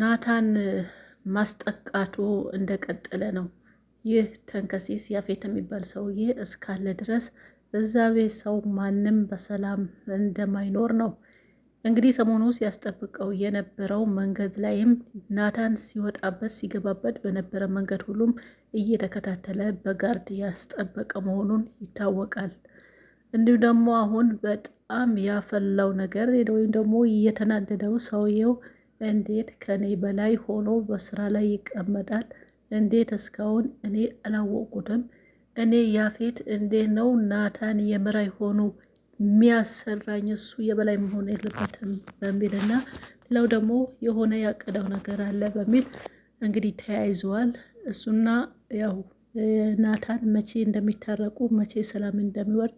ናታን ማስጠቃቱ እንደቀጠለ ነው። ይህ ተንከሲስ ያፌት የሚባል ሰውዬ እስካለ ድረስ እዛ ቤት ሰው ማንም በሰላም እንደማይኖር ነው እንግዲህ ሰሞኑ ሲያስጠብቀው የነበረው መንገድ ላይም ናታን ሲወጣበት ሲገባበት በነበረ መንገድ ሁሉም እየተከታተለ በጋርድ ያስጠበቀ መሆኑን ይታወቃል። እንዲሁም ደግሞ አሁን በጣም ያፈላው ነገር ወይም ደግሞ እየተናደደው ሰውየው እንዴት ከኔ በላይ ሆኖ በስራ ላይ ይቀመጣል? እንዴት እስካሁን እኔ አላወቁትም? እኔ ያፌት እንዴት ነው ናታን የምራይ ሆኖ የሚያሰራኝ? እሱ የበላይ መሆን የለበትም በሚል እና ሌላው ደግሞ የሆነ ያቀደው ነገር አለ በሚል እንግዲህ ተያይዘዋል። እሱና ያው ናታን መቼ እንደሚታረቁ መቼ ሰላም እንደሚወርድ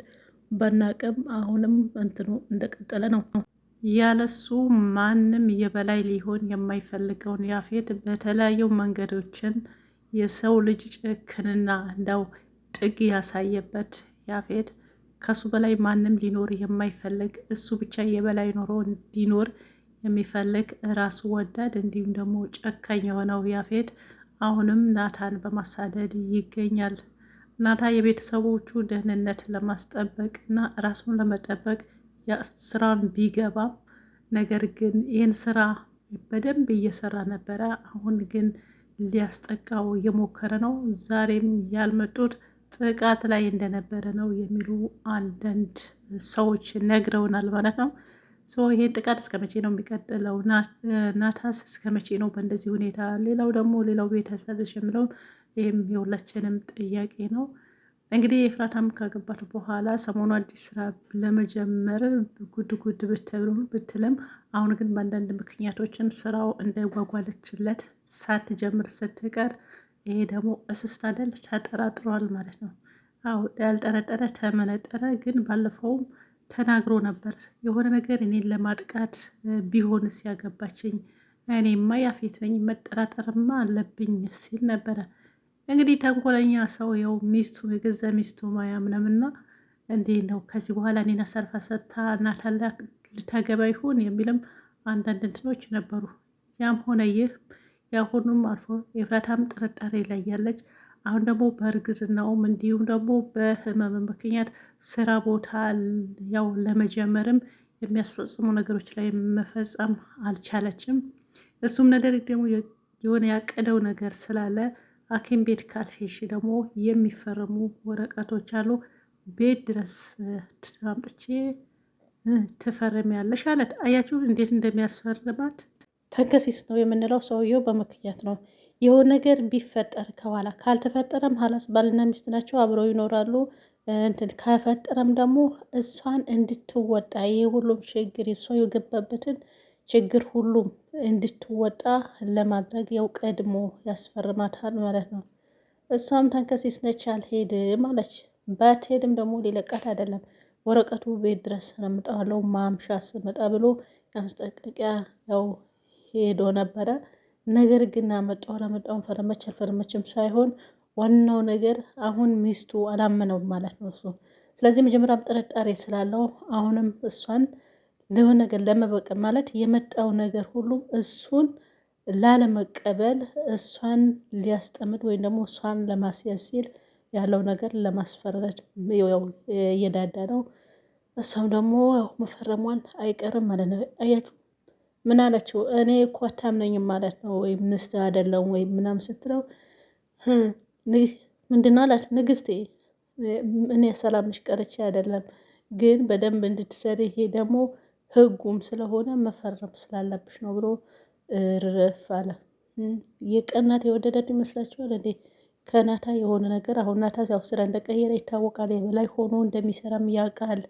በናቅም አሁንም እንትኑ እንደቀጠለ ነው። ያለሱ ማንም የበላይ ሊሆን የማይፈልገውን ያፌት በተለያዩ መንገዶችን የሰው ልጅ ጭክንና እንዳው ጥግ ያሳየበት ያፌት ከሱ በላይ ማንም ሊኖር የማይፈልግ እሱ ብቻ የበላይ ኖሮ እንዲኖር የሚፈልግ ራሱ ወዳድ እንዲሁም ደግሞ ጨካኝ የሆነው ያፌት አሁንም ናታን በማሳደድ ይገኛል። ናታ የቤተሰቦቹ ደህንነት ለማስጠበቅ እና ራሱን ለመጠበቅ ስራን ቢገባም ነገር ግን ይህን ስራ በደንብ እየሰራ ነበረ። አሁን ግን ሊያስጠቃው እየሞከረ ነው። ዛሬም ያልመጡት ጥቃት ላይ እንደነበረ ነው የሚሉ አንዳንድ ሰዎች ነግረውናል ማለት ነው። ይሄን ጥቃት እስከ መቼ ነው የሚቀጥለው? ናታስ እስከ መቼ ነው በእንደዚህ ሁኔታ? ሌላው ደግሞ ሌላው ቤተሰብ የምለውን ይህም የሁላችንም ጥያቄ ነው። እንግዲህ ኤፍራታም ካገባት በኋላ ሰሞኑ አዲስ ስራ ለመጀመር ጉድ ጉድ ብትልም አሁን ግን በአንዳንድ ምክንያቶችን ስራው እንዳይጓጓለችለት ሳትጀምር ስትቀር ይሄ ደግሞ እስስት አደል ተጠራጥሯል ማለት ነው። አዎ ያልጠረጠረ ተመነጠረ። ግን ባለፈውም ተናግሮ ነበር የሆነ ነገር እኔን ለማጥቃት ቢሆንስ ያገባችኝ እኔማ ያፌት ነኝ መጠራጠርማ አለብኝ ሲል ነበረ። እንግዲህ ተንኮለኛ ሰው ው ሚስቱ የገዛ ሚስቱ ማያምነምና እንዲህ ነው። ከዚህ በኋላ እኔን ሰርፋ ሰጥታ እናታ ልታገባ ይሆን የሚልም አንዳንድ እንትኖች ነበሩ። ያም ሆነ ይህ የአሁኑም አልፎ የፍራታም ጥርጣሬ ላይ ያለች አሁን ደግሞ በእርግዝናውም እንዲሁም ደግሞ በህመም ምክንያት ስራ ቦታ ያው ለመጀመርም የሚያስፈጽሙ ነገሮች ላይ መፈጸም አልቻለችም። እሱም ነገር ደግሞ የሆነ ያቀደው ነገር ስላለ ሐኪም ቤት ካልሄድሽ ደግሞ የሚፈረሙ ወረቀቶች አሉ። ቤት ድረስ አምጥቼ ትፈርሚያለሽ አለት። አያችሁ እንዴት እንደሚያስፈርማት። ተንከሲስ ነው የምንለው ሰውየው በምክንያት ነው። የሆነ ነገር ቢፈጠር ከኋላ ካልተፈጠረም ሀላስ ባልና ሚስት ናቸው፣ አብረው ይኖራሉ። እንትን ከፈጠረም ደግሞ እሷን እንድትወጣ ይህ ሁሉም ችግር እሷ የገባበትን ችግር ሁሉም እንድትወጣ ለማድረግ ያው ቀድሞ ያስፈርማታል ማለት ነው። እሷም ተንከሲስ ነች አልሄድም አለች። ባትሄድም ደግሞ ሊለቃት አይደለም ወረቀቱ ቤት ድረስ ስለምጣለው ማምሻ ስመጣ ብሎ የማስጠንቀቂያ ያው ሄዶ ነበረ። ነገር ግን አመጣው ለመጣውን ፈረመች አልፈረመችም ሳይሆን ዋናው ነገር አሁን ሚስቱ አላመነው ማለት ነው እሱ። ስለዚህ መጀመሪያም ጥርጣሬ ስላለው አሁንም እሷን ለሆነ ነገር ለመበቀል ማለት የመጣው ነገር ሁሉ እሱን ላለመቀበል እሷን ሊያስጠምድ ወይም ደግሞ እሷን ለማስያዝ ሲል ያለው ነገር ለማስፈረድ እየዳዳ ነው። እሷም ደግሞ መፈረሟን አይቀርም ማለት ነው። አያችሁ ምን አለችው? እኔ እኮ አታምነኝም ማለት ነው ወይም ምስት አይደለም ወይም ምናምን ስትለው ምንድን አላት? ንግስቴ እኔ ሰላም ቀርቼ አይደለም ግን በደንብ እንድትሰሪ ይሄ ደግሞ ህጉም ስለሆነ መፈረም ስላለብሽ ነው ብሎ ርፍ አለ። የቀናት የወደዳት ይመስላችኋል እንዴ? ከናታ የሆነ ነገር አሁን ናታ ያው ስራ እንደቀየረ ይታወቃል። የበላይ ሆኖ እንደሚሰራም ያውቃል።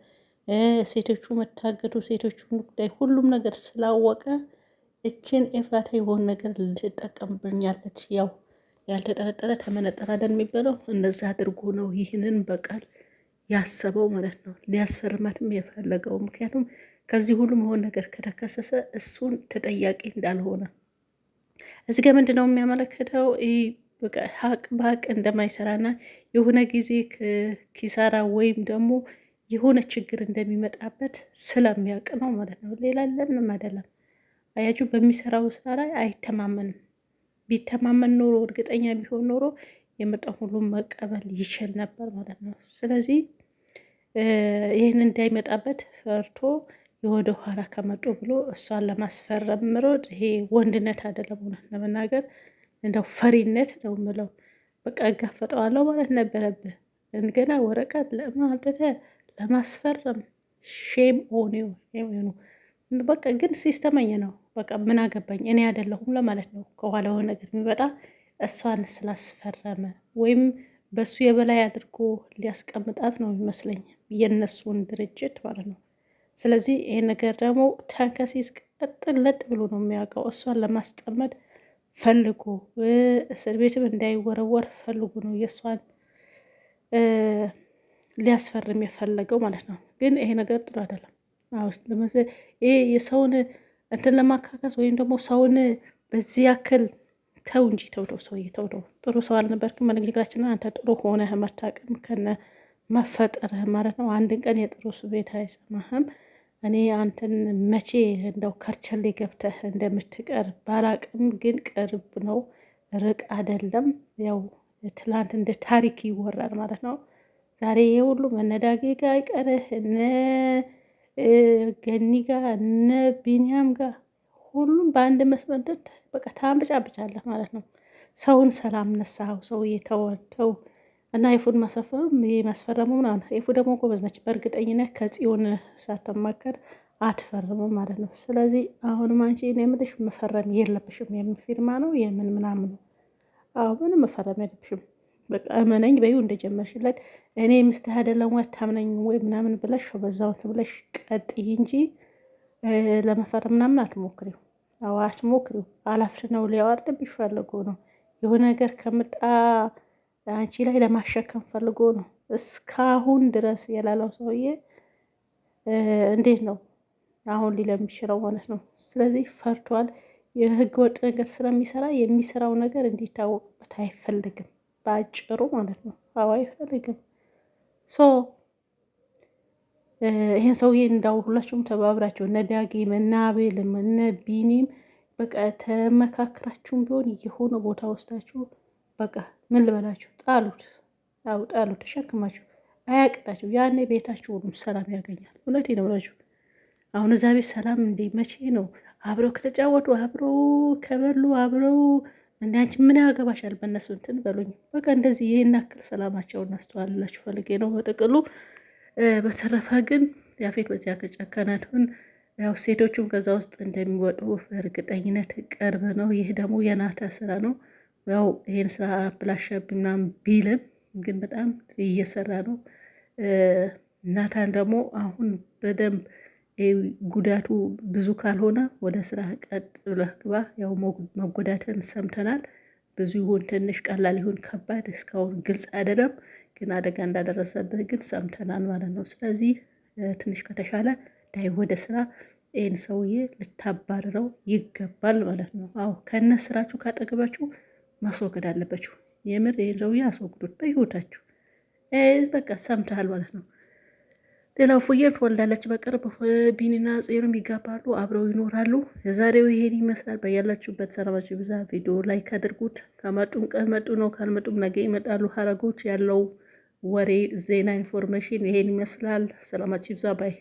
ሴቶቹ መታገዱ ሴቶቹ ጉዳይ ሁሉም ነገር ስላወቀ እችን ኤፍራታ የሆነ ነገር ልትጠቀምብኛለች። ያው ያልተጠረጠረ ተመነጠረ አይደል የሚባለው? እንደዛ አድርጎ ነው ይህንን በቃል ያሰበው ማለት ነው። ሊያስፈርማትም የፈለገው ምክንያቱም ከዚህ ሁሉ መሆን ነገር ከተከሰሰ እሱን ተጠያቂ እንዳልሆነ እዚህ ጋ ምንድን ነው የሚያመለክተው? ሀቅ በሀቅ እንደማይሰራና የሆነ ጊዜ ኪሳራ ወይም ደግሞ የሆነ ችግር እንደሚመጣበት ስለሚያውቅ ነው ማለት ነው። ሌላ ለምንም አይደለም። አያችሁ፣ በሚሰራው ስራ ላይ አይተማመንም። ቢተማመን ኖሮ እርግጠኛ ቢሆን ኖሮ የመጣ ሁሉ መቀበል ይችል ነበር ማለት ነው። ስለዚህ ይህን እንዳይመጣበት ፈርቶ የወደ ኋላ ከመጡ ብሎ እሷን ለማስፈረም ምሮጥ። ይሄ ወንድነት አይደለም። እውነት ለመናገር እንደው ፈሪነት ነው ምለው። በቃ እጋፈጠዋለሁ ማለት ነበረብህ። ገና ወረቀት ለማምጠተ ለማስፈረም ሼም ኦኔው በቃ ግን ሲስተመኝ ነው። በቃ ምን አገባኝ እኔ አይደለሁም ለማለት ነው። ከኋላ የሆነ ነገር የሚመጣ እሷን ስላስፈረመ ወይም በሱ የበላይ አድርጎ ሊያስቀምጣት ነው የሚመስለኝ የእነሱን ድርጅት ማለት ነው። ስለዚህ ይህ ነገር ደግሞ ተንከሲስ ቀጥን ለጥ ብሎ ነው የሚያውቀው። እሷን ለማስጠመድ ፈልጎ እስር ቤትም እንዳይወረወር ፈልጎ ነው የእሷን ሊያስፈርም የፈለገው ማለት ነው። ግን ይሄ ነገር ጥሩ አይደለም። ይሄ የሰውን እንትን ለማካከስ ወይም ደግሞ ሰውን በዚህ ያክል ተው እንጂ ተውደው፣ ሰውዬ ተውደው። ጥሩ ሰው አልነበርክም። በንግግራችን አንተ ጥሩ ሆነህ መታቅም ከነ መፈጠርህ ማለት ነው። አንድን ቀን የጥሩ ቤት አይሰማህም። እኔ አንተን መቼ እንደው ከርቸሌ ገብተህ እንደምትቀር ባላቅም፣ ግን ቅርብ ነው ርቅ አይደለም። ያው ትላንት እንደ ታሪክ ይወራል ማለት ነው። ዛሬ ይሄ ሁሉ መነዳጌ ጋ አይቀርህ እነ ገኒ ጋ እነ ቢንያም ጋ ሁሉም በአንድ መስመር በቃ ብጫለህ ማለት ነው። ሰውን ሰላም ነሳኸው። ሰው እየተወተው እና ኤፉን ማሳፈሩም ይሄ ማስፈረሙ ምናምን ኤፉ ደግሞ ጎበዝ ነች። በእርግጠኝነት ከጽዮን ሳትማከር አትፈርምም ማለት ነው። ስለዚህ አሁንም አንቺ እኔ የምልሽ መፈረም የለብሽም። የምን ፊርማ ነው የምን ምናምን ነው? አዎ ምንም መፈረም የለብሽም። በቃ እመነኝ በይው እንደጀመርሽለት። እኔ ምስትህ አይደለም ወይ ወይ ምናምን ብለሽ በዛው ብለሽ ቀጥ እንጂ ለመፈረም ምናምን አትሞክሪው። አዎ አትሞክሪው። አላፍት ነው ሊያዋርድብሽ ፈልጎ ነው የሆነ ነገር ከምጣ አንቺ ላይ ለማሸከም ፈልጎ ነው። እስካሁን ድረስ የላለው ሰውዬ እንዴት ነው አሁን ሊለ የሚችለው ማለት ነው። ስለዚህ ፈርቷል። የህገ ወጥ ነገር ስለሚሰራ የሚሰራው ነገር እንዲታወቅበት አይፈልግም። በአጭሩ ማለት ነው። አዎ አይፈልግም። ሶ ይህን ሰውዬ እንዳው ሁላችሁም ተባብራችሁ እነ ዳጊም እነ አቤልም እነ ቢኒም በቃ ተመካክራችሁም ቢሆን የሆነ ቦታ ወስዳችሁ በቃ ምን ልበላችሁ፣ ጣሉት። አዎ ጣሉት፣ ተሸክማችሁ አያቅጣችሁ። ያኔ ቤታችሁ ሁሉም ሰላም ያገኛል። እውነት ነው ብላችሁ አሁን እዛ ቤት ሰላም እንዴ መቼ ነው? አብረው ከተጫወቱ አብረው ከበሉ አብረው እንዳንቺ ምን ያገባሻል በእነሱ እንትን በሉኝ። በቃ እንደዚህ ይህን ያክል ሰላማቸው እናስተዋልላችሁ ፈልጌ ነው በጥቅሉ። በተረፈ ግን ያፌት በዚያ ከጨከነ ያው ሴቶቹም ከዛ ውስጥ እንደሚወጡ በእርግጠኝነት ቅርብ ነው። ይህ ደግሞ የናታ ስራ ነው። ያው ይሄን ስራ አብላሸብኝ ምናምን ቢልም ግን በጣም እየሰራ ነው። ናታን ደግሞ አሁን በደንብ ጉዳቱ ብዙ ካልሆነ ወደ ስራ ቀጥ ብለህ ግባ። ያው መጎዳትን ሰምተናል። ብዙ ይሁን ትንሽ፣ ቀላል ይሁን ከባድ እስካሁን ግልጽ አይደለም፣ ግን አደጋ እንዳደረሰብህ ግን ሰምተናል ማለት ነው። ስለዚህ ትንሽ ከተሻለ ዳይ ወደ ስራ ይህን ሰውዬ ልታባርረው ይገባል ማለት ነው። አዎ ከነ ስራችሁ ካጠገባችሁ ማስወገድ አለበችው የምር ይህን ሰውዬ አስወግዱት በህይወታችሁ። በቃ ሰምተሃል ማለት ነው። ሌላው ፉዬም ትወልዳለች በቅርብ። ቢኒና ጽኑም ይጋባሉ፣ አብረው ይኖራሉ። የዛሬው ይሄን ይመስላል። በያላችሁበት ሰላማችሁ ብዛ። ቪዲዮ ላይክ አድርጉት። ከመጡም ቀመጡ ነው፣ ካልመጡም ነገ ይመጣሉ። ሀረጎች ያለው ወሬ፣ ዜና፣ ኢንፎርሜሽን ይሄን ይመስላል። ሰላማችሁ ብዛ ባይ